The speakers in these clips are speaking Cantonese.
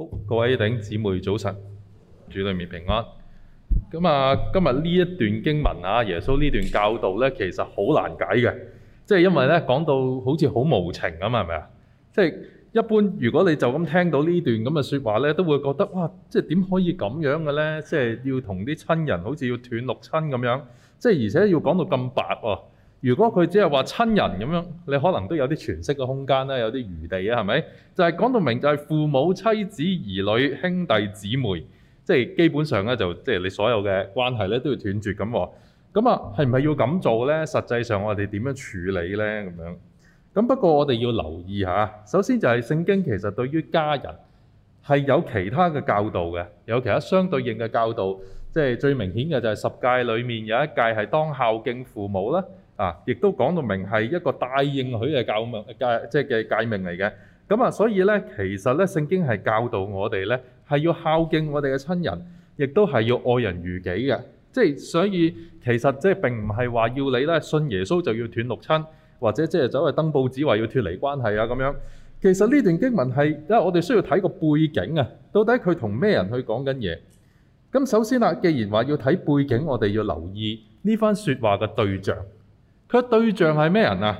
好，各位弟兄姊妹早晨，主裏面平安。今日呢一段經文啊，耶穌呢段教導呢，其實好難解嘅，即係因為呢，講到好似好無情啊嘛，係咪啊？即係一般如果你就咁聽到呢段咁嘅說話呢，都會覺得哇，即係點可以咁樣嘅呢？即係要同啲親人好似要斷六親咁樣，即係而且要講到咁白喎，啊。如果佢只係話親人咁樣，你可能都有啲詮釋嘅空間啦，有啲餘地啊，係咪？就係講到明，就係父母、妻子、兒女、兄弟姊妹，即係基本上咧，就即係你所有嘅關係咧都要斷絕咁喎。咁啊，係唔係要咁做咧？實際上我哋點樣處理咧？咁樣咁，不過我哋要留意下，首先就係聖經其實對於家人係有其他嘅教導嘅，有其他相對應嘅教導。即係最明顯嘅就係十戒裡面有一戒係當孝敬父母啦。啊！亦都講到明係一個大應許嘅誡命誡，即係嘅誡命嚟嘅咁啊。所以咧，其實咧，聖經係教導我哋咧係要孝敬我哋嘅親人，亦都係要愛人如己嘅。即係所以其實即係並唔係話要你咧信耶穌就要斷六親，或者即係走去登報紙話要脫離關係啊咁樣。其實呢段經文係因為我哋需要睇個背景啊，到底佢同咩人去講緊嘢？咁首先啦，既然話要睇背景，我哋要留意呢番說話嘅對象。佢對象係咩人啊？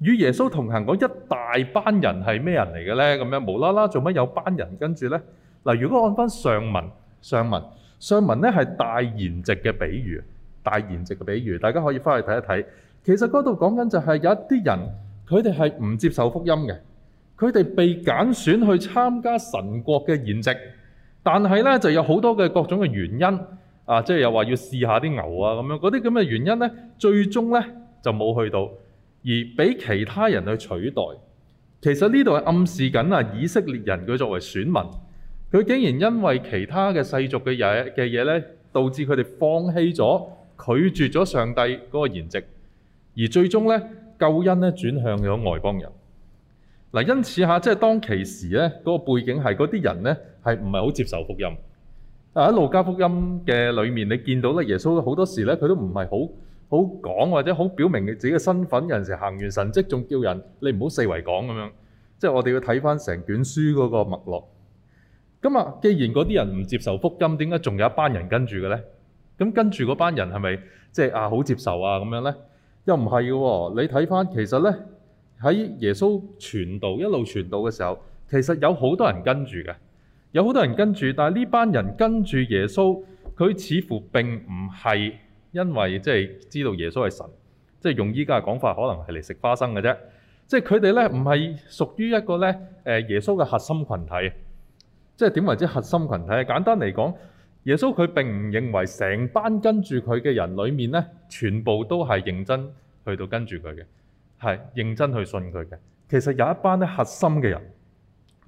與耶穌同行嗰一大班人係咩人嚟嘅咧？咁樣無啦啦做乜有班人跟住咧？嗱，如果按翻上文，上文上文咧係大筵席嘅比喻，大筵席嘅比喻，大家可以翻去睇一睇。其實嗰度講緊就係有一啲人，佢哋係唔接受福音嘅，佢哋被揀選去參加神國嘅筵席，但係咧就有好多嘅各種嘅原因啊，即係又話要試下啲牛啊咁樣嗰啲咁嘅原因咧，最終咧。就冇去到，而俾其他人去取代。其實呢度係暗示緊啊，以色列人佢作為選民，佢竟然因為其他嘅世俗嘅嘢嘅嘢咧，導致佢哋放棄咗，拒絕咗上帝嗰個筵席，而最終咧救恩咧轉向咗外邦人。嗱，因此嚇，即係當其時咧，嗰個背景係嗰啲人咧係唔係好接受福音？但喺路加福音嘅裏面，你見到咧耶穌好多時咧，佢都唔係好。好講或者好表明你自己嘅身份，有陣時行完神跡，仲叫人你唔好四圍講咁樣。即係我哋要睇翻成卷書嗰個脈絡。咁啊，既然嗰啲人唔接受福音，點解仲有一班人跟住嘅咧？咁跟住嗰班人係咪即係啊好接受啊咁樣咧？又唔係嘅喎。你睇翻其實咧喺耶穌傳道一路傳道嘅時候，其實有好多人跟住嘅，有好多人跟住。但係呢班人跟住耶穌，佢似乎並唔係。因為即係知道耶穌係神，即係用依家嘅講法，可能係嚟食花生嘅啫。即係佢哋咧，唔係屬於一個咧誒耶穌嘅核心群體。即係點為之核心群體啊？簡單嚟講，耶穌佢並唔認為成班跟住佢嘅人裡面咧，全部都係認真去到跟住佢嘅，係認真去信佢嘅。其實有一班咧核心嘅人，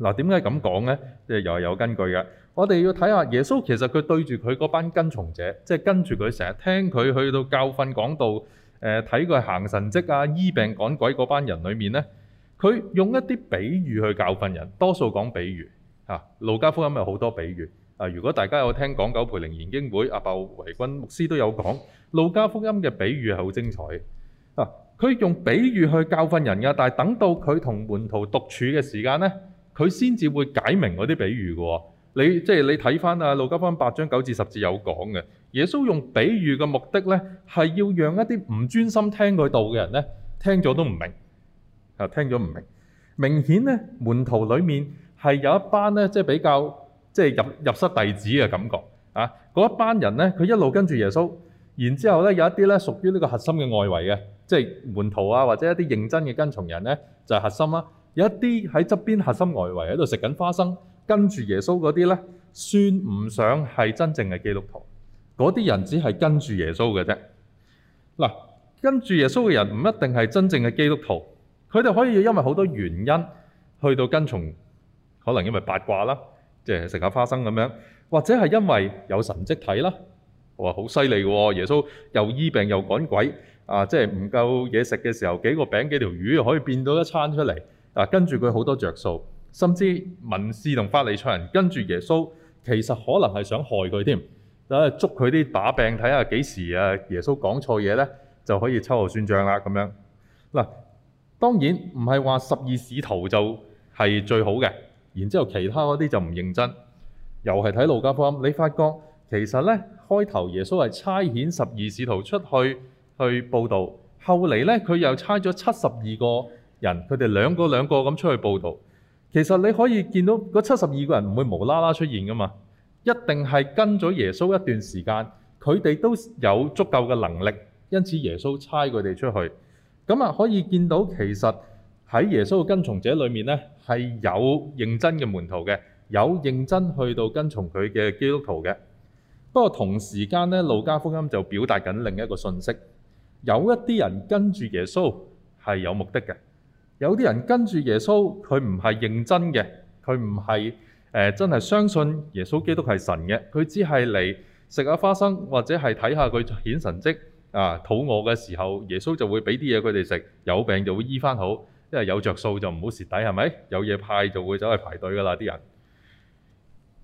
嗱，點解咁講咧？即係又係有根據嘅。我哋要睇下耶穌其實佢對住佢嗰班跟從者，即係跟住佢成日聽佢去到教訓講道，誒睇佢行神蹟啊、醫病趕鬼嗰班人裏面咧，佢用一啲比喻去教訓人，多數講比喻嚇、啊。路加福音有好多比喻啊。如果大家有聽港九培靈研經會，阿鮑維均牧師都有講路加福音嘅比喻係好精彩啊。佢用比喻去教訓人㗎，但係等到佢同門徒獨處嘅時間咧，佢先至會解明嗰啲比喻㗎喎。你即係你睇翻啊，路加福音八章九至十節有講嘅，耶穌用比喻嘅目的咧，係要讓一啲唔專心聽佢道嘅人咧，聽咗都唔明，啊聽咗唔明，明顯咧門徒裡面係有一班咧，即係比較即係入入室弟子嘅感覺啊。嗰一班人咧，佢一路跟住耶穌，然之後咧有一啲咧屬於呢屬於個核心嘅外圍嘅，即係門徒啊或者一啲認真嘅跟從人咧就係、是、核心啦、啊。有一啲喺側邊核心外圍喺度食緊花生。跟住耶穌嗰啲咧，算唔上係真正嘅基督徒。嗰啲人只係跟住耶穌嘅啫。嗱，跟住耶穌嘅人唔一定係真正嘅基督徒，佢哋可以因為好多原因去到跟從，可能因為八卦啦，即係食下花生咁樣，或者係因為有神跡睇啦，哇好犀利喎！耶穌又醫病又趕鬼啊，即係唔夠嘢食嘅時候，幾個餅幾條魚可以變到一餐出嚟啊，跟住佢好多着數。甚至文士同法利賽人跟住耶穌，其實可能係想害佢添，啊捉佢啲把柄，睇下幾時啊耶穌講錯嘢咧，就可以秋後算賬啦，咁樣。嗱，當然唔係話十二使徒就係最好嘅，然之後其他嗰啲就唔認真，又係睇路加福音，你發覺其實咧，開頭耶穌係差遣十二使徒出去去報導，後嚟咧，佢又差咗七十二個人，佢哋兩個兩個咁出去報導。其實你可以見到嗰七十二個人唔會無啦啦出現㗎嘛，一定係跟咗耶穌一段時間，佢哋都有足夠嘅能力，因此耶穌差佢哋出去。咁啊，可以見到其實喺耶穌嘅跟從者裏面咧，係有認真嘅門徒嘅，有認真去到跟從佢嘅基督徒嘅。不過同時間咧，路加福音就表達緊另一個訊息，有一啲人跟住耶穌係有目的嘅。有啲人跟住耶穌，佢唔係認真嘅，佢唔係誒真係相信耶穌基督係神嘅，佢只係嚟食下花生或者係睇下佢顯神蹟啊。肚餓嘅時候，耶穌就會俾啲嘢佢哋食，有病就會醫返好，因為有着數就唔好蝕底，係咪？有嘢派就會走去排隊㗎喇，啲人。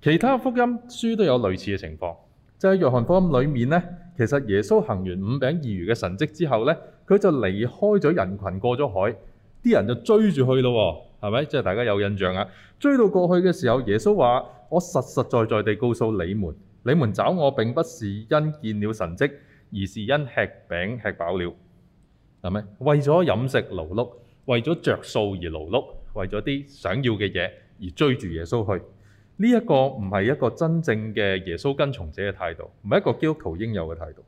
其他福音書都有類似嘅情況，即係喺約翰福音裡面呢，其實耶穌行完五餅二魚嘅神蹟之後呢，佢就離開咗人群，過咗海。啲人就追住去咯，係咪？即係大家有印象啊。追到過去嘅時候，耶穌話：「我實實在在地告訴你們，你們找我並不是因見了神跡，而是因吃餅吃飽了，係咪？為咗飲食勞碌，為咗着數而勞碌，為咗啲想要嘅嘢而追住耶穌去，呢一個唔係一個真正嘅耶穌跟從者嘅態度，唔係一個基督徒應有嘅態度。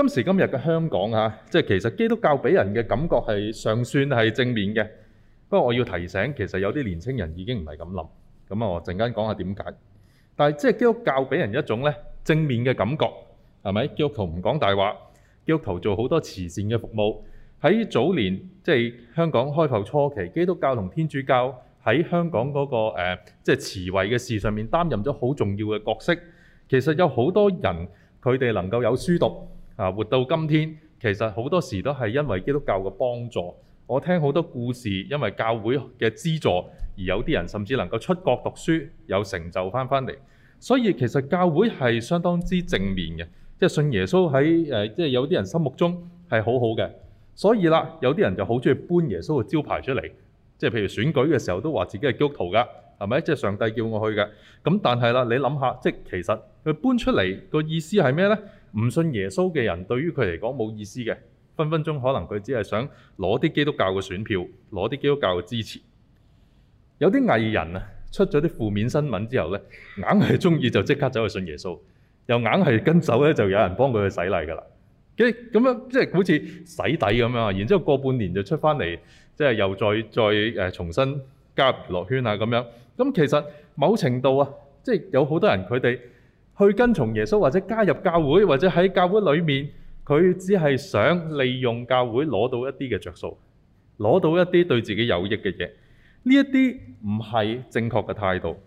今時今日嘅香港嚇，即係其實基督教畀人嘅感覺係尚算係正面嘅。不過我要提醒，其實有啲年輕人已經唔係咁諗。咁啊，我陣間講下點解。但係即係基督教畀人一種咧正面嘅感覺係咪？基督徒唔講大話，基督徒做好多慈善嘅服務。喺早年即係香港開埠初期，基督教同天主教喺香港嗰個、呃、即係慈惠嘅事上面擔任咗好重要嘅角色。其實有好多人佢哋能夠有書讀。啊，活到今天，其實好多時都係因為基督教嘅幫助。我聽好多故事，因為教會嘅資助，而有啲人甚至能夠出國讀書，有成就返返嚟。所以其實教會係相當之正面嘅，即係信耶穌喺誒，即係有啲人心目中係好好嘅。所以啦，有啲人就好鍾意搬耶穌嘅招牌出嚟，即係譬如選舉嘅時候都話自己係基督徒㗎，係咪？即係上帝叫我去嘅。咁但係啦，你諗下，即係其實佢搬出嚟個意思係咩咧？唔信耶穌嘅人對於佢嚟講冇意思嘅，分分鐘可能佢只係想攞啲基督教嘅選票，攞啲基督教嘅支持。有啲藝人啊，出咗啲負面新聞之後咧，硬係鍾意就即刻走去信耶穌，又硬係跟手咧就有人幫佢去洗禮㗎啦。即咁樣即係好似洗底咁樣啊，然之後過半年就出翻嚟，即係又再再誒重新加入娛樂圈啊咁樣。咁其實某程度啊，即係有好多人佢哋。去跟從耶穌，或者加入教會，或者喺教會裏面，佢只係想利用教會攞到一啲嘅着數，攞到一啲對自己有益嘅嘢。呢一啲唔係正確嘅態度。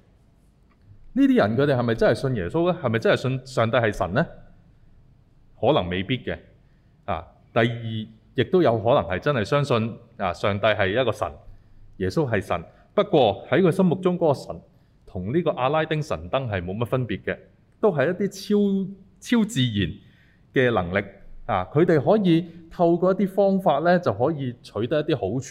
呢啲人佢哋係咪真係信耶穌咧？係咪真係信上帝係神咧？可能未必嘅啊。第二，亦都有可能係真係相信啊，上帝係一個神，耶穌係神。不過喺佢心目中嗰個神同呢個阿拉丁神燈係冇乜分別嘅。都係一啲超超自然嘅能力啊！佢哋可以透過一啲方法咧，就可以取得一啲好處，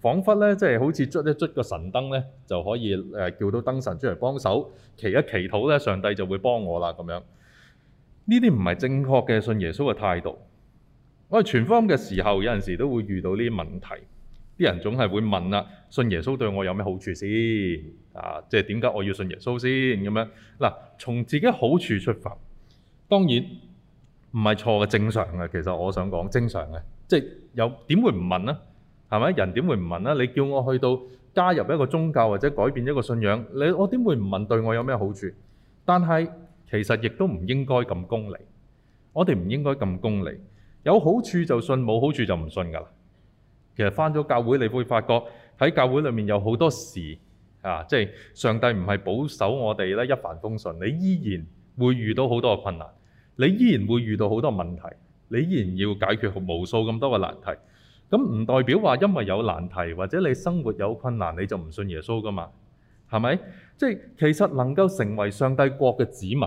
彷彿咧即係好似捽一捽個神燈咧，就可以誒叫到燈神出嚟幫手，祈一祈禱咧，上帝就會幫我啦咁樣。呢啲唔係正確嘅信耶穌嘅態度。我哋傳福音嘅時候，有陣時都會遇到呢啲問題。啲人總係會問啦，信耶穌對我有咩好處先？啊，即係點解我要信耶穌先咁樣？嗱，從自己好處出發，當然唔係錯嘅，正常嘅。其實我想講正常嘅，即係有點會唔問呢？係咪？人點會唔問呢？你叫我去到加入一個宗教或者改變一個信仰，你我點會唔問對我有咩好處？但係其實亦都唔應該咁功利。我哋唔應該咁功利，有好處就信，冇好處就唔信㗎啦。其實返咗教會，你會發覺喺教會裏面有好多事嚇，啊，即係上帝唔係保守我哋咧一帆風順，你依然會遇到好多困難，你依然會遇到好多問題，你依然要解決無數咁多嘅難題。咁唔代表話因為有難題或者你生活有困難你就唔信耶穌㗎嘛？係咪？即係其實能夠成為上帝國嘅子民，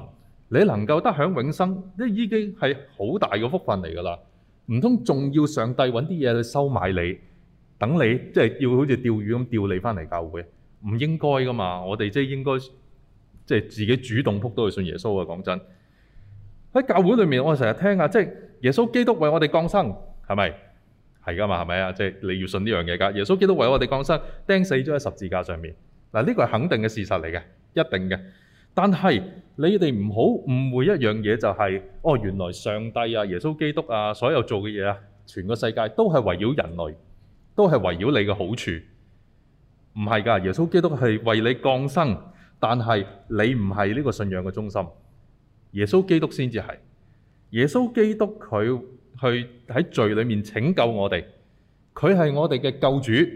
你能夠得享永生，呢已經係好大嘅福分嚟㗎啦。唔通仲要上帝揾啲嘢去收買你，等你即係要好似釣魚咁釣你返嚟教會，唔應該㗎嘛？我哋即係應該即係自己主動撲到去信耶穌啊！講真喺教會裏面，我成日聽啊，即係耶穌基督為我哋降生，係咪係㗎嘛？係咪啊？即係你要信呢樣嘢㗎。耶穌基督為我哋降生，釘死咗喺十字架上面嗱，呢個係肯定嘅事實嚟嘅，一定嘅。但係你哋唔好誤會一樣嘢，就係哦，原來上帝啊、耶穌基督啊，所有做嘅嘢啊，全個世界都係圍繞人類，都係圍繞你嘅好處，唔係㗎。耶穌基督係為你降生，但係你唔係呢個信仰嘅中心，耶穌基督先至係。耶穌基督佢去喺罪裡面拯救我哋，佢係我哋嘅救主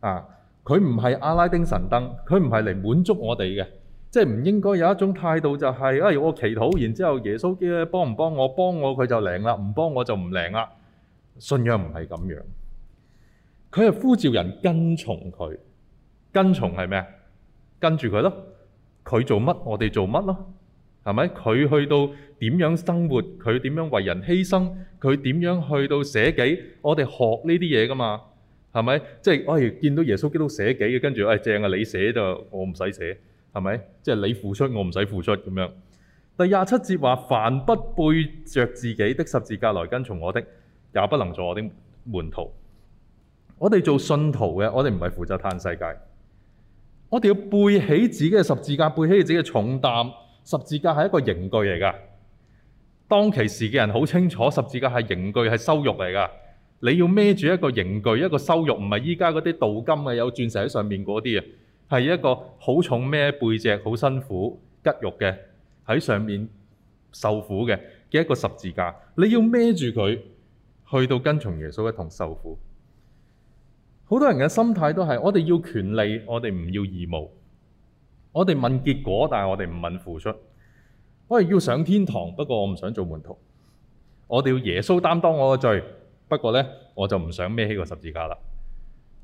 啊！佢唔係阿拉丁神燈，佢唔係嚟滿足我哋嘅。即係唔應該有一種態度，就是，就係哎，我祈禱，然之後耶穌基督幫唔幫我？幫我佢就靈啦，唔幫我就唔靈啦。信仰唔係咁樣，佢係呼召人跟從佢，跟從係咩啊？跟住佢咯，佢做乜我哋做乜咯？係咪？佢去到點樣生活？佢點樣為人犧牲？佢點樣去到捨己？我哋學呢啲嘢㗎嘛？係咪？即係我係見到耶穌基督捨己嘅，跟住誒，正啊，你捨就我唔使捨。係咪？即係你付出，我唔使付出咁樣。第廿七節話：凡不背著自己的十字架來跟從我的，也不能做我的門徒。我哋做信徒嘅，我哋唔係負責嘆世界。我哋要背起自己嘅十字架，背起自己嘅重擔。十字架係一個刑具嚟㗎。當其時嘅人好清楚，十字架係刑具，係羞辱嚟㗎。你要孭住一個刑具，一個羞辱，唔係依家嗰啲鍍金啊，有鑽石喺上面嗰啲啊。係一個好重孭背脊、好辛苦、拮肉嘅喺上面受苦嘅嘅一個十字架，你要孭住佢去到跟從耶穌一同受苦。好多人嘅心態都係：我哋要權利，我哋唔要義務；我哋問結果，但係我哋唔問付出。我哋要上天堂，不過我唔想做門徒。我哋要耶穌擔當我嘅罪，不過咧我就唔想孭起個十字架啦。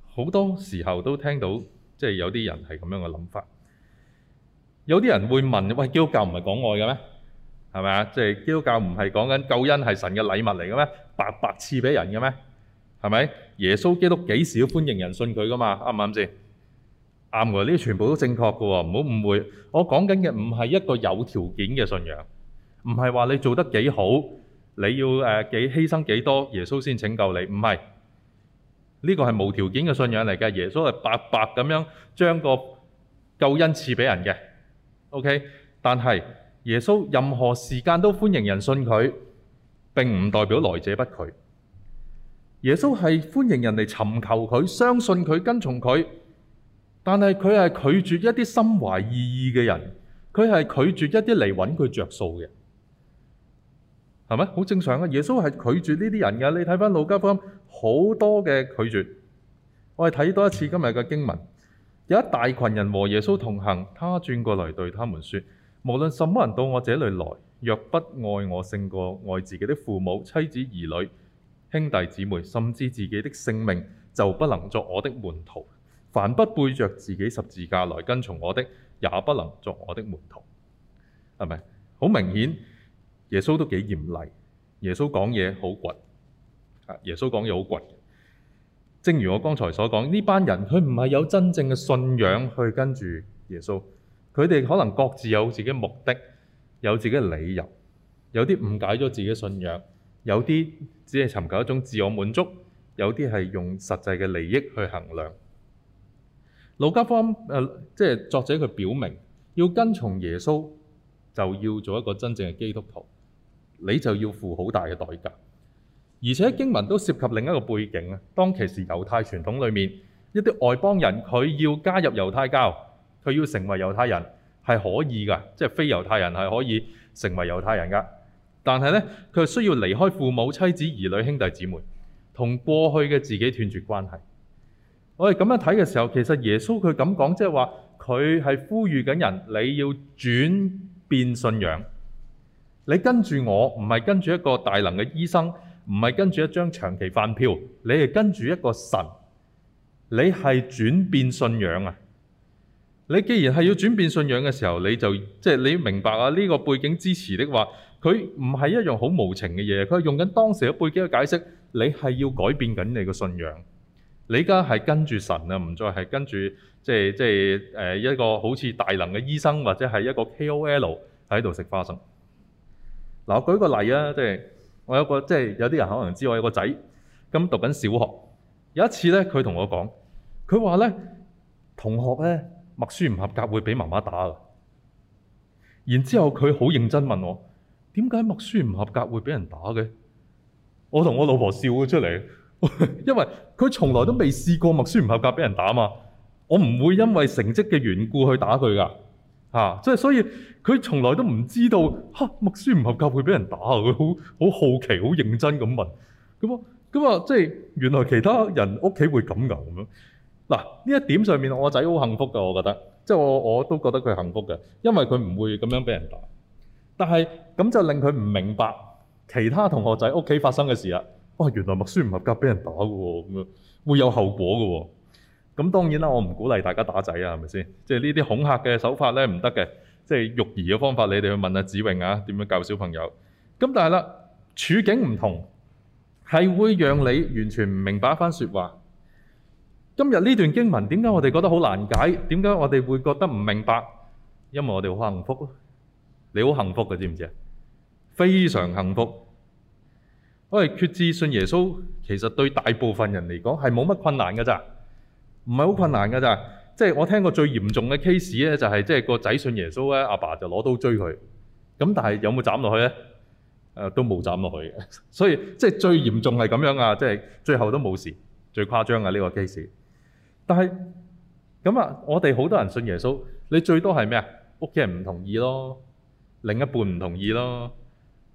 好多時候都聽到。即係有啲人係咁樣嘅諗法，有啲人會問：喂，基督教唔係講愛嘅咩？係咪啊？即係基督教唔係講緊救恩係神嘅禮物嚟嘅咩？白白賜俾人嘅咩？係咪？耶穌基督幾時都歡迎人信佢噶嘛？啱唔啱先？啱喎，呢啲全部都正確嘅喎，唔好誤會。我講緊嘅唔係一個有條件嘅信仰，唔係話你做得幾好，你要誒幾犧牲幾多耶穌先拯救你，唔係。呢個係無條件嘅信仰嚟嘅，耶穌係白白咁樣將個救恩賜俾人嘅。OK，但係耶穌任何時間都歡迎人信佢，並唔代表來者不拒。耶穌係歡迎人嚟尋求佢、相信佢、跟從佢，但係佢係拒絕一啲心懷異意嘅人，佢係拒絕一啲嚟揾佢着數嘅。係咪好正常啊？耶穌係拒絕呢啲人嘅。你睇翻《路加福音》好多嘅拒絕，我哋睇多一次今日嘅經文。有一大群人和耶穌同行，他轉過來對他們說：無論什麼人到我這裏來，若不愛我勝過愛自己的父母、妻子、兒女、兄弟姊妹，甚至自己的性命，就不能作我的門徒。凡不背著自己十字架來跟從我的，也不能作我的門徒。係咪？好明顯。耶穌都幾嚴厲，耶穌講嘢好倔，啊！耶穌講嘢好倔。正如我剛才所講，呢班人佢唔係有真正嘅信仰去跟住耶穌，佢哋可能各自有自己嘅目的，有自己嘅理由，有啲誤解咗自己嘅信仰，有啲只係尋求一種自我滿足，有啲係用實際嘅利益去衡量。路加福音誒，即係作者佢表明，要跟從耶穌就要做一個真正嘅基督徒。你就要付好大嘅代價，而且經文都涉及另一個背景啊。當其時猶太傳統裏面一啲外邦人，佢要加入猶太教，佢要成為猶太人係可以㗎，即係非猶太人係可以成為猶太人噶。但係呢，佢需要離開父母、妻子、兒女、兄弟姊妹，同過去嘅自己斷絕關係。我哋咁樣睇嘅時候，其實耶穌佢咁講，即係話佢係呼籲緊人，你要轉變信仰。你跟住我，唔係跟住一個大能嘅醫生，唔係跟住一張長期飯票，你係跟住一個神。你係轉變信仰啊！你既然係要轉變信仰嘅時候，你就即係、就是、你明白啊！呢個背景支持的話，佢唔係一樣好無情嘅嘢。佢用緊當時嘅背景去解釋，你係要改變緊你個信仰，你而家係跟住神啊，唔再係跟住即係，即係，誒一個好似大能嘅醫生或者係一個 KOL 喺度食花生。嗱，我舉個例啊，即係我有個即係有啲人可能知我有個仔，咁讀緊小學。有一次咧，佢同我講，佢話咧同學咧默書唔合格會畀媽媽打噶。然之後佢好認真問我，點解默書唔合格會畀人打嘅？我同我老婆笑咗出嚟，因為佢從來都未試過默書唔合格畀人打嘛。我唔會因為成績嘅緣故去打佢噶。嚇！即係、啊、所以佢從來都唔知道嚇默書唔合格會俾人打，佢好好好奇、好認真咁問咁啊！咁啊！即係原來其他人屋企會咁噶咁樣。嗱、啊、呢一點上面，我仔好幸福噶，我覺得即係我我都覺得佢幸福嘅，因為佢唔會咁樣俾人打。但係咁就令佢唔明白其他同學仔屋企發生嘅事啦。哇、啊！原來默書唔合格俾人打嘅喎，咁樣會有後果嘅喎。咁當然啦，我唔鼓勵大家打仔啊，係咪先？即係呢啲恐嚇嘅手法咧唔得嘅，即係育兒嘅方法，你哋去問下子榮啊，點樣教小朋友？咁但係啦，處境唔同，係會讓你完全唔明白一番説話。今日呢段經文，點解我哋覺得好難解？點解我哋會覺得唔明白？因為我哋好幸福，你好幸福嘅，知唔知啊？非常幸福，因為決志信耶穌，其實對大部分人嚟講係冇乜困難嘅咋。唔係好困難嘅咋，即係我聽過最嚴重嘅 case 咧，就係即係個仔信耶穌咧，阿爸就攞刀追佢，咁但係有冇斬落去咧？誒、呃，都冇斬落去嘅， 所以即係最嚴重係咁樣啊！即係最後都冇事，最誇張啊呢個 case。但係咁啊，我哋好多人信耶穌，你最多係咩啊？屋企人唔同意咯，另一半唔同意咯，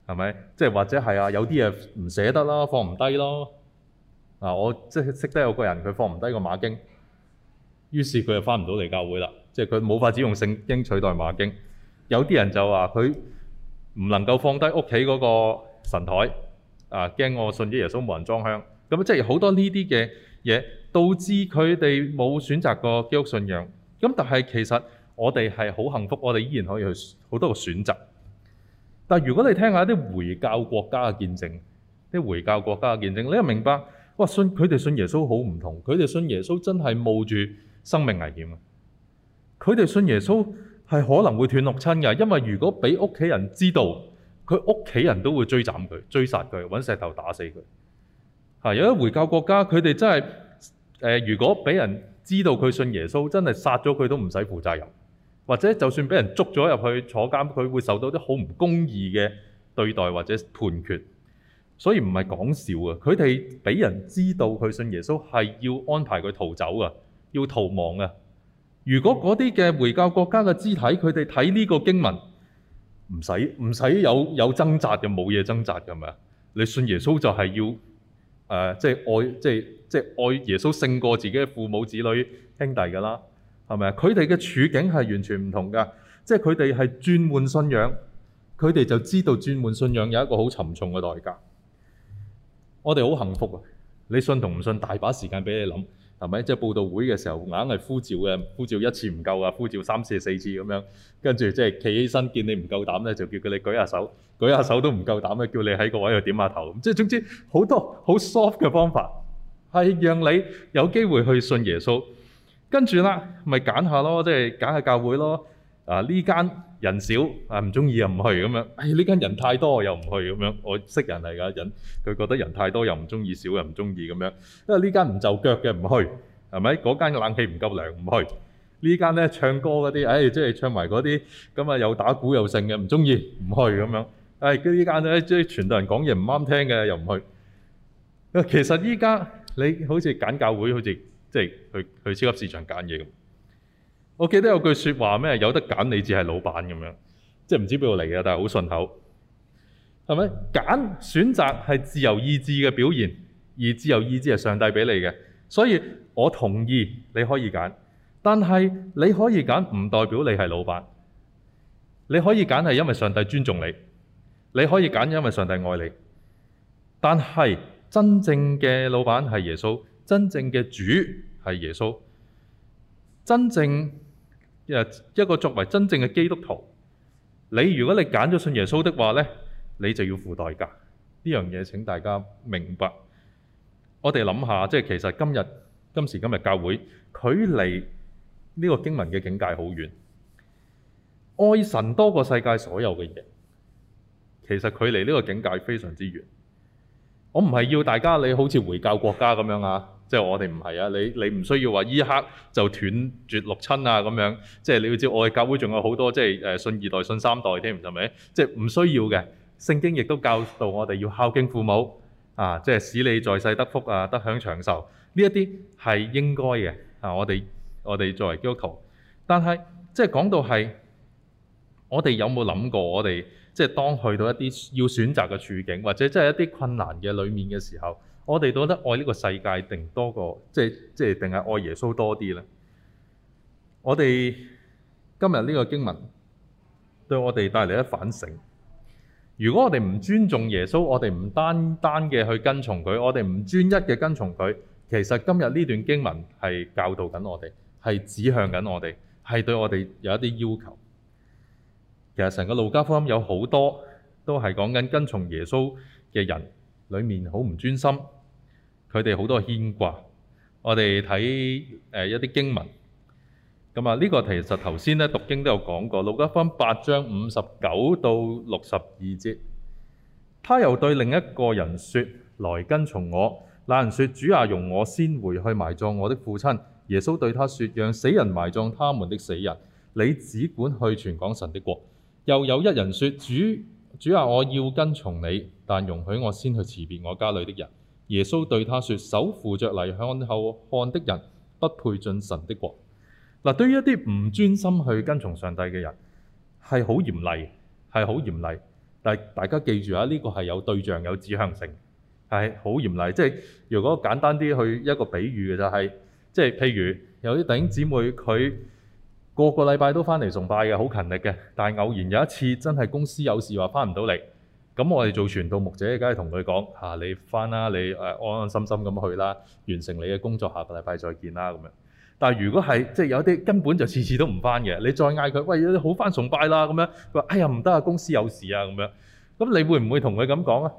係咪？即係或者係啊，有啲嘢唔捨得啦，放唔低咯。嗱，我即係識得有個人，佢放唔低個馬經。於是佢就返唔到嚟教會啦，即係佢冇法子用聖經取代馬經。有啲人就話佢唔能夠放低屋企嗰個神台，啊驚我信咗耶穌冇人裝香。咁即係好多呢啲嘅嘢，導致佢哋冇選擇過基督信仰。咁但係其實我哋係好幸福，我哋依然可以去好多個選擇。但係如果你聽下一啲回教國家嘅見證，啲回教國家嘅見證，你又明白，哇！信佢哋信耶穌好唔同，佢哋信耶穌真係冒住。生命危險啊！佢哋信耶穌係可能會斷六親嘅，因為如果俾屋企人知道，佢屋企人都會追斬佢、追殺佢、揾石頭打死佢。嚇！有一回教國家，佢哋真係誒、呃，如果俾人知道佢信耶穌，真係殺咗佢都唔使負責任，或者就算俾人捉咗入去坐監，佢會受到啲好唔公義嘅對待或者判決。所以唔係講笑啊，佢哋俾人知道佢信耶穌係要安排佢逃走嘅。要逃亡啊！如果嗰啲嘅回教國家嘅肢體，佢哋睇呢個經文，唔使唔使有有掙扎嘅，冇嘢掙扎噶嘛？你信耶穌就係要誒、呃，即係愛，即係即係愛耶穌勝過自己嘅父母、子女、兄弟噶啦，係咪？佢哋嘅處境係完全唔同噶，即係佢哋係轉換信仰，佢哋就知道轉換信仰有一個好沉重嘅代價。我哋好幸福啊！你信同唔信，大把時間俾你諗。係咪？即係佈道會嘅時候，硬係呼召嘅，呼召一次唔夠啊，呼召三四四次咁樣。跟住即係企起身，見你唔夠膽咧，就叫佢你舉下手，舉下手都唔夠膽嘅，叫你喺個位度點下頭。即係總之好多好 soft 嘅方法，係讓你有機會去信耶穌。跟住啦，咪揀下咯，即係揀下教會咯。啊！呢間人少，啊唔中意又唔去咁樣。唉，呢間人太多又唔去咁樣。我識人嚟噶，人佢覺得人太多又唔中意，少又唔中意咁樣。因為呢間唔就腳嘅唔去，係咪？嗰間嘅冷氣唔夠涼唔去。呢間咧，唱歌嗰啲，唉，即係唱埋嗰啲咁啊，又打鼓又剩嘅，唔中意唔去咁樣。唉，呢間咧，即係全部人講嘢唔啱聽嘅又唔去。其實依家你好似揀教會，好似即係去去超級市場揀嘢咁。我記得有句説話咩？有得揀你至係老闆咁樣，即係唔知邊度嚟嘅，但係好順口，係咪？揀選擇係自由意志嘅表現，而自由意志係上帝俾你嘅，所以我同意你可以揀，但係你可以揀唔代表你係老闆，你可以揀係因為上帝尊重你，你可以揀因為上帝愛你，但係真正嘅老闆係耶穌，真正嘅主係耶穌，真正。一個作為真正嘅基督徒，你如果你揀咗信耶穌的話呢，你就要付代價。呢樣嘢請大家明白。我哋諗下，即係其實今日今時今日教會，距離呢個經文嘅境界好遠。愛神多過世界所有嘅人，其實距離呢個境界非常之遠。我唔係要大家你好似回教國家咁樣啊！即係我哋唔係啊！你你唔需要話依刻就斷絕六親啊咁樣。即係你要知，我哋教會仲有好多即係誒信二代、信三代添，係咪？即係唔需要嘅。聖經亦都教導我哋要孝敬父母啊，即係使你在世得福啊，得享長壽。呢一啲係應該嘅啊！我哋我哋作為基督徒，但係即係講到係我哋有冇諗過，我哋即係當去到一啲要選擇嘅處境，或者即係一啲困難嘅裏面嘅時候。我哋覺得愛呢個世界定多過，即係即係定係愛耶穌多啲咧？我哋今日呢個經文對我哋帶嚟一反省。如果我哋唔尊重耶穌，我哋唔單單嘅去跟從佢，我哋唔專一嘅跟從佢，其實今日呢段經文係教導緊我哋，係指向緊我哋，係對我哋有一啲要求。其實成個路加福音有好多都係講緊跟從耶穌嘅人，裡面好唔專心。佢哋好多牽掛，我哋睇誒一啲經文，咁啊呢個其實頭先咧讀經都有講過，路加福音八章五十九到六十二節，他又對另一個人說：來跟從我。那人說：主啊，容我先回去埋葬我的父親。耶穌對他說：讓死人埋葬他們的死人，你只管去傳講神的國。又有一人說：主主啊，我要跟從你，但容許我先去辭別我家裏的人。耶穌對他說：手扶着犁向後看的人，不配進神的國。嗱、啊，對於一啲唔專心去跟從上帝嘅人，係好嚴厲，係好嚴厲。但大家記住啊，呢、這個係有對象、有指向性，係好嚴厲。即係如果簡單啲去一個比喻嘅就係、是，即係譬如有啲弟兄姊妹，佢個個禮拜都返嚟崇拜嘅，好勤力嘅，但偶然有一次真係公司有事話返唔到嚟。咁我哋做傳道牧者，梗係同佢講嚇：你翻啦，你誒安安心心咁去啦，完成你嘅工作，下個禮拜再見啦咁樣。但係如果係即係有啲根本就次次都唔翻嘅，你再嗌佢，喂，你好翻崇拜啦咁樣，佢話：哎呀，唔得啊，公司有事啊咁樣。咁你會唔會同佢咁講啊？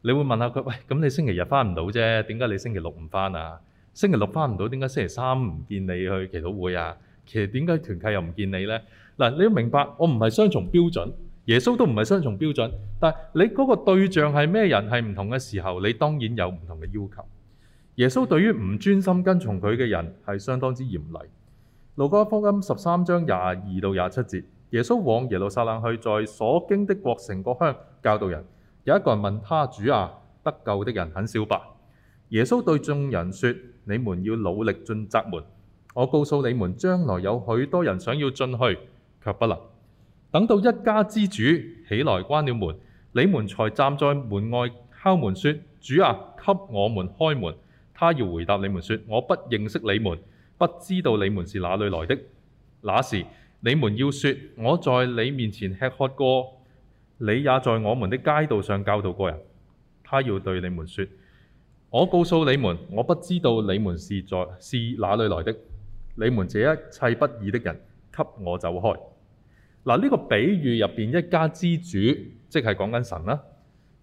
你會問下佢：喂，咁你星期日翻唔到啫？點解你星期六唔翻啊？星期六翻唔到，點解星期三唔見你去祈禱會啊？其實點解團契又唔見你咧？嗱，你要明白，我唔係雙重標準。耶穌都唔係雙重標準，但你嗰個對象係咩人係唔同嘅時候，你當然有唔同嘅要求。耶穌對於唔專心跟從佢嘅人係相當之嚴厲。路加福音十三章廿二到廿七節，耶穌往耶路撒冷去，在所經的各城各鄉教導人。有一個人問他，主啊，得救的人很少吧？耶穌對眾人說：你們要努力進窄門。我告訴你們，將來有許多人想要進去，卻不能。等到一家之主起來關了門，你們才站在門外敲門，說：主啊，給我們開門。他要回答你們說：我不認識你們，不知道你們是哪裏來的。那時你們要說：我在你面前吃喝過，你也在我們的街道上教導過人。他要對你們說：我告訴你們，我不知道你們是在是哪裏來的。你們這一切不義的人，給我走開！嗱，呢個比喻入面一家之主，即係講緊神啦、啊。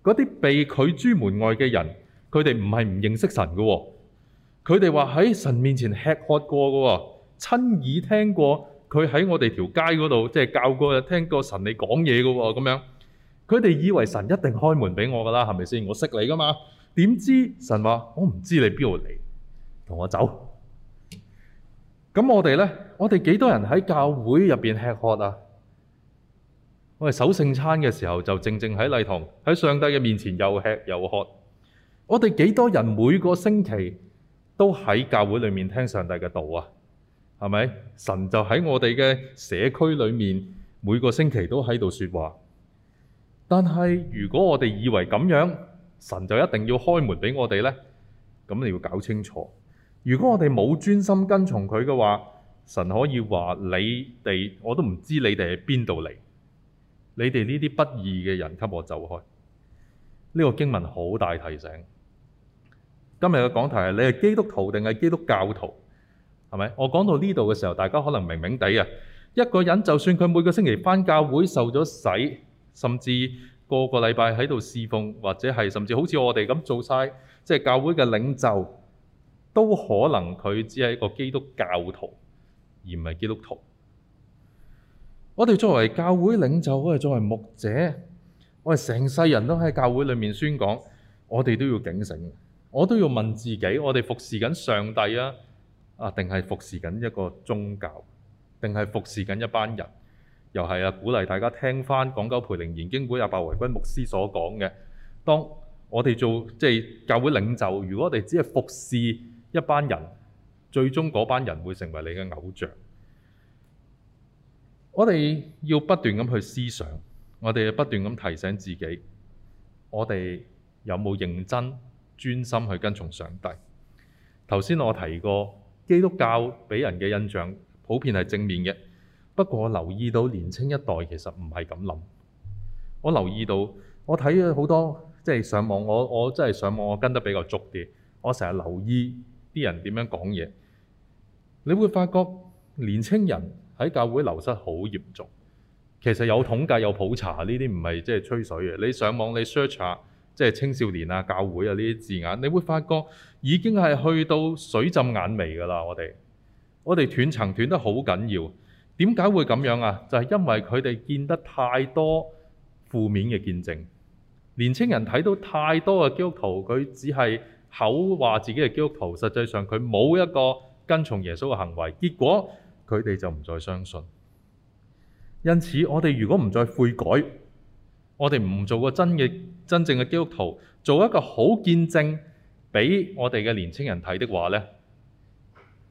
嗰啲被拒諸門外嘅人，佢哋唔係唔認識神㗎喎、哦。佢哋話喺神面前吃喝過㗎喎、哦，親耳聽過佢喺我哋條街嗰度，即係教過，聽過神你講嘢㗎喎，咁樣。佢哋以為神一定開門畀我㗎喇，係咪先？我識你㗎嘛？點知神話我唔知你邊度嚟，同我走。咁我哋呢，我哋幾多人喺教會入面吃喝啊？因為守聖餐嘅時候就靜靜喺禮堂喺上帝嘅面前又吃又喝。我哋幾多人每個星期都喺教會裏面聽上帝嘅道啊？係咪神就喺我哋嘅社區裏面每個星期都喺度說話？但係如果我哋以為咁樣，神就一定要開門畀我哋咧？咁你要搞清楚。如果我哋冇專心跟從佢嘅話，神可以話你哋我都唔知你哋喺邊度嚟。你哋呢啲不義嘅人，給我走開！呢個經文好大提醒。今日嘅講題係：你係基督徒定係基督教徒？係咪？我講到呢度嘅時候，大家可能明明地啊，一個人就算佢每個星期返教會受咗洗，甚至個個禮拜喺度侍奉，或者係甚至好似我哋咁做晒，即係教會嘅領袖，都可能佢只係一個基督教徒，而唔係基督徒。我哋作為教會領袖，我哋作為牧者，我哋成世人都喺教會裏面宣講，我哋都要警醒，我都要問自己：我哋服侍緊上帝啊，啊定係服侍緊一個宗教，定係服侍緊一班人？又係啊，鼓勵大家聽返港九培靈研經會阿鮑維均牧師所講嘅：當我哋做，即係教會領袖，如果我哋只係服侍一班人，最終嗰班人會成為你嘅偶像。我哋要不斷咁去思想，我哋要不斷咁提醒自己，我哋有冇認真、專心去跟從上帝？頭先我提過，基督教畀人嘅印象普遍係正面嘅，不過我留意到年輕一代其實唔係咁諗。我留意到，我睇咗好多，即係上網，我我真係上網，我跟得比較足啲。我成日留意啲人點樣講嘢，你會發覺年輕人喺教會流失好嚴重，其實有統計有普查，呢啲唔係即係吹水嘅。你上網你 search 下，即係青少年啊、教會啊呢啲字眼，你會發覺已經係去到水浸眼眉噶啦。我哋我哋斷層斷得好緊要，點解會咁樣啊？就係因為佢哋見得太多負面嘅見證，年青人睇到太多嘅基督徒，佢只係口話自己係基督徒，實際上佢冇一個跟從耶穌嘅行為，結果，佢哋就唔再相信，因此我哋如果唔再悔改，我哋唔做個真嘅、真正嘅基督徒，做一個好見證俾我哋嘅年青人睇的話呢，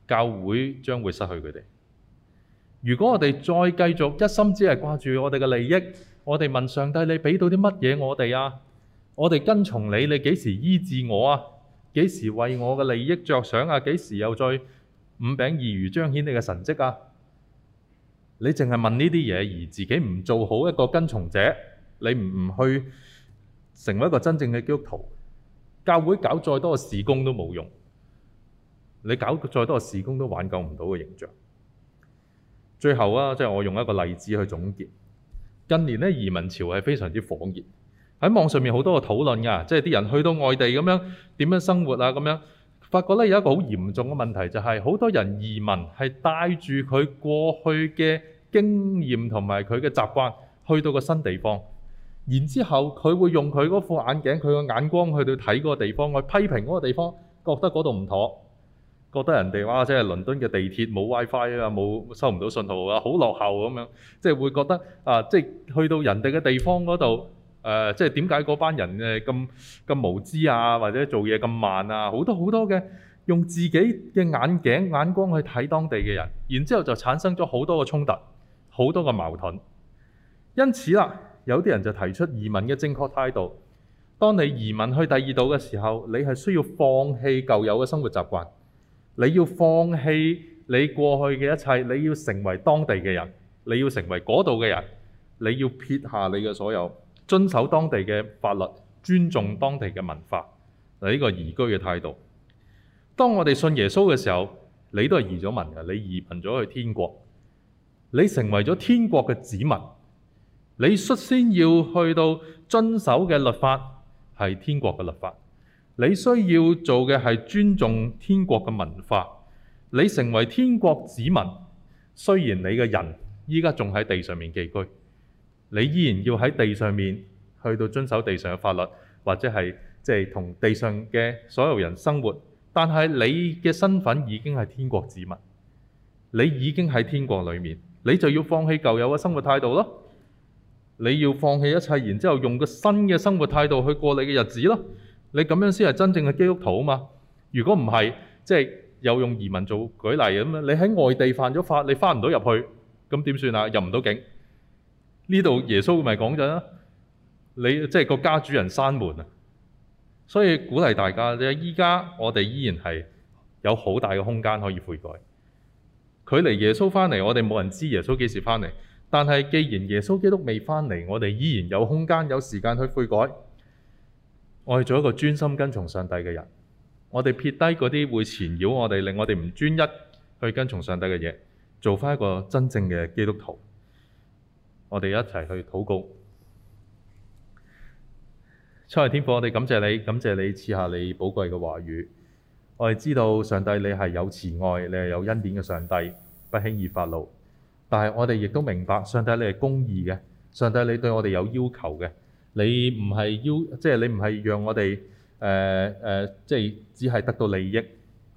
教會將會失去佢哋。如果我哋再繼續一心只係掛住我哋嘅利益，我哋問上帝：你俾到啲乜嘢我哋啊？我哋跟從你，你幾時醫治我啊？幾時為我嘅利益着想啊？幾時又再？五餅二魚彰顯你嘅神跡啊！你淨係問呢啲嘢，而自己唔做好一個跟從者，你唔去成為一個真正嘅基督徒，教會搞再多嘅事工都冇用。你搞再多嘅事工都挽救唔到嘅形象。最後啊，即係我用一個例子去總結。近年咧移民潮係非常之火熱，喺網上面好多個討論㗎，即係啲人去到外地咁樣點樣生活啊咁樣。發覺咧有一個好嚴重嘅問題，就係、是、好多人移民係帶住佢過去嘅經驗同埋佢嘅習慣去到個新地方，然之後佢會用佢嗰副眼鏡、佢嘅眼光去到睇嗰個地方，去批評嗰個地方，覺得嗰度唔妥，覺得人哋話，即係倫敦嘅地鐵冇 WiFi 啊，冇、就是、收唔到信號啊，好落後咁樣，即、就、係、是、會覺得啊，即、就、係、是、去到人哋嘅地方嗰度。誒、呃，即係點解嗰班人誒咁咁無知啊，或者做嘢咁慢啊，好多好多嘅用自己嘅眼鏡眼光去睇當地嘅人，然之後就產生咗好多嘅衝突，好多嘅矛盾。因此啦，有啲人就提出移民嘅正確態度。當你移民去第二度嘅時候，你係需要放棄舊有嘅生活習慣，你要放棄你過去嘅一切，你要成為當地嘅人，你要成為嗰度嘅人，你要撇下你嘅所有。遵守當地嘅法律，尊重當地嘅文化，嗱、這、呢個移居嘅態度。當我哋信耶穌嘅時候，你都係移咗民嘅，你移民咗去天國，你成為咗天國嘅子民，你率先要去到遵守嘅律法係天國嘅律法，你需要做嘅係尊重天國嘅文化，你成為天國子民，雖然你嘅人依家仲喺地上面寄居。你依然要喺地上面去到遵守地上嘅法律，或者係即係同地上嘅所有人生活，但係你嘅身份已經係天國子民，你已經喺天國裏面，你就要放棄舊有嘅生活態度咯，你要放棄一切，然之後用個新嘅生活態度去過你嘅日子咯，你咁樣先係真正嘅基督徒啊嘛。如果唔係，即係又用移民做舉例咁樣，你喺外地犯咗法，你翻唔到入去，咁點算啊？入唔到境。呢度耶穌咪講咗，你即係、就是、個家主人閂門啊，所以鼓勵大家，依家我哋依然係有好大嘅空間可以悔改。距離耶穌翻嚟，我哋冇人知耶穌幾時翻嚟。但係既然耶穌基督未翻嚟，我哋依然有空間、有時間去悔改。我係做一個專心跟從上帝嘅人，我哋撇低嗰啲會纏繞我哋，令我哋唔專一去跟從上帝嘅嘢，做翻一個真正嘅基督徒。我哋一齊去禱告，初嚟天父，我哋感謝你，感謝你賜下你寶貴嘅話語。我哋知道上帝你係有慈愛，你係有恩典嘅上帝，不輕易發怒。但係我哋亦都明白，上帝你係公義嘅，上帝你對我哋有要求嘅。你唔係要，即係你唔係讓我哋誒誒，即係只係得到利益。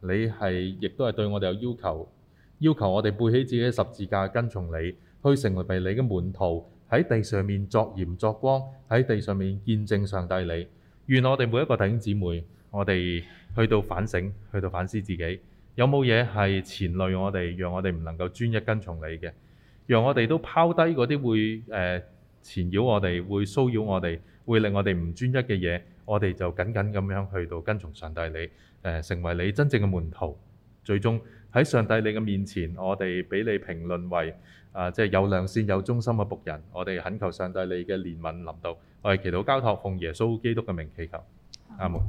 你係亦都係對我哋有要求，要求我哋背起自己十字架跟從你。去成為被你嘅門徒，喺地上面作鹽作光，喺地上面見證上帝你。願我哋每一個弟兄姊妹，我哋去到反省，去到反思自己有冇嘢係牽累我哋，讓我哋唔能夠專一跟從你嘅，讓我哋都拋低嗰啲會誒纏繞我哋、會騷擾我哋、會令我哋唔專一嘅嘢。我哋就緊緊咁樣去到跟從上帝你誒、呃，成為你真正嘅門徒。最終喺上帝你嘅面前，我哋畀你評論為。啊！即係有良善有忠心嘅僕人，我哋懇求上帝你嘅憐憫臨到。我哋祈禱交託奉耶穌基督嘅名祈求，嗯、阿門。